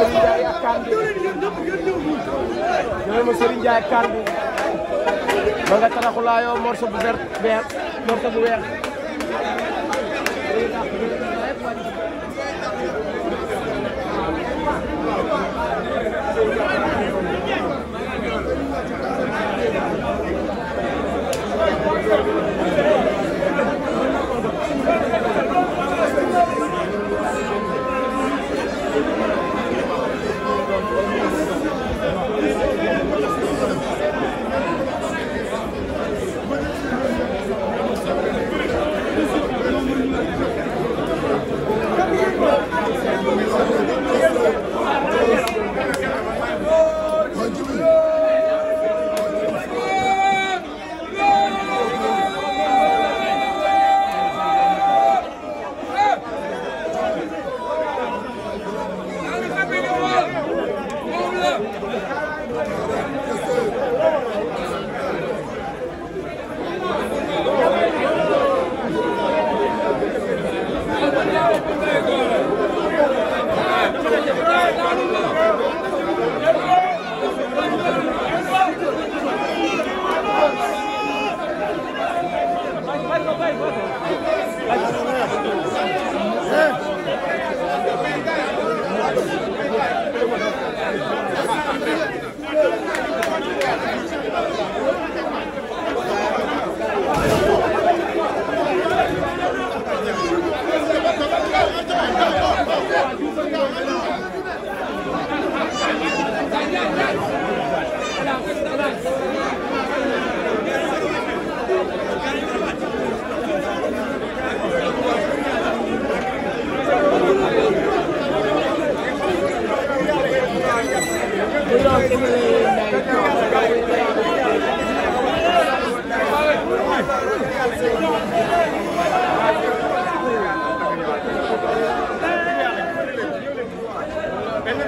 Serigne Ndiaye ak Kandi jëlal ma Serigne Ndiaye ak Kandi ma nga taraxulaayoo morceau bu vert vert morceau bu weex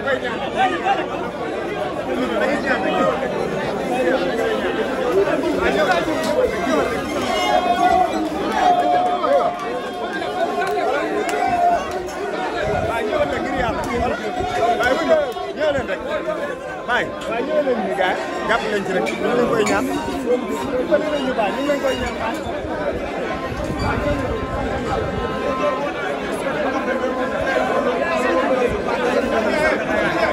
waaye waaye ñoo leen ñu gars jàpp leen ci rek ñu ngi leen koy ñaan ñu ngi leen koy ñaan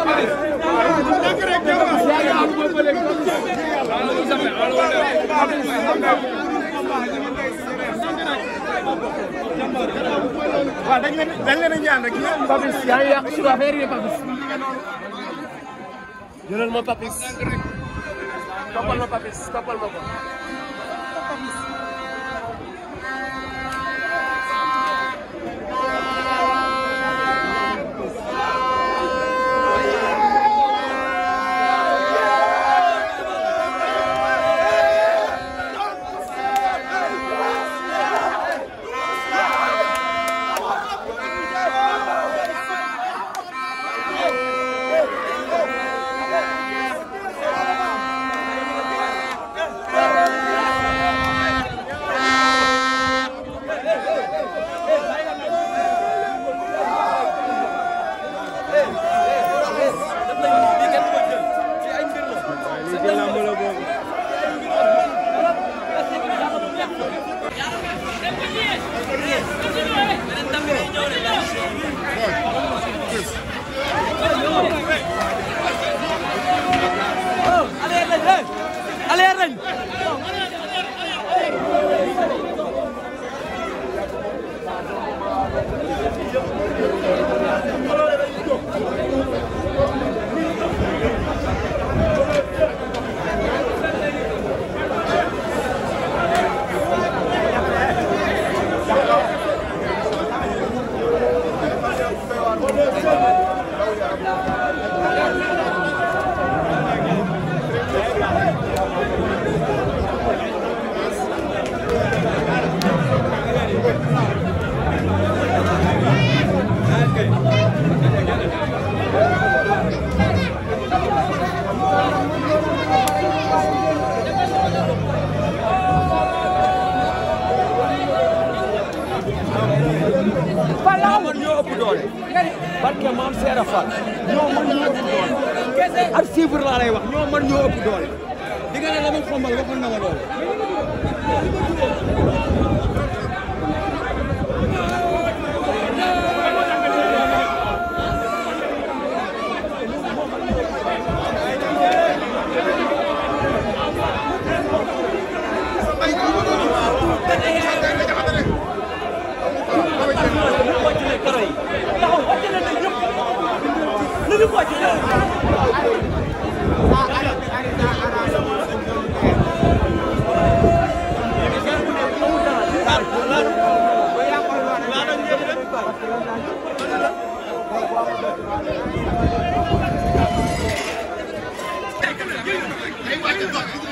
waaw dañ leen dañ leen a ñaan rek ñaan Papis yaa ngi yàq suñu affaire yi Papis jëlal ma Papis toppal ma Papis toppal ma ko doole barke maam Seera Fall ñoo man ñoo ëpp doole ak chiffre laa lay wax ñoo man ñoo ëpp doole di nga ne la ma xombal waxoon na ma loolu Hey, what the fuck?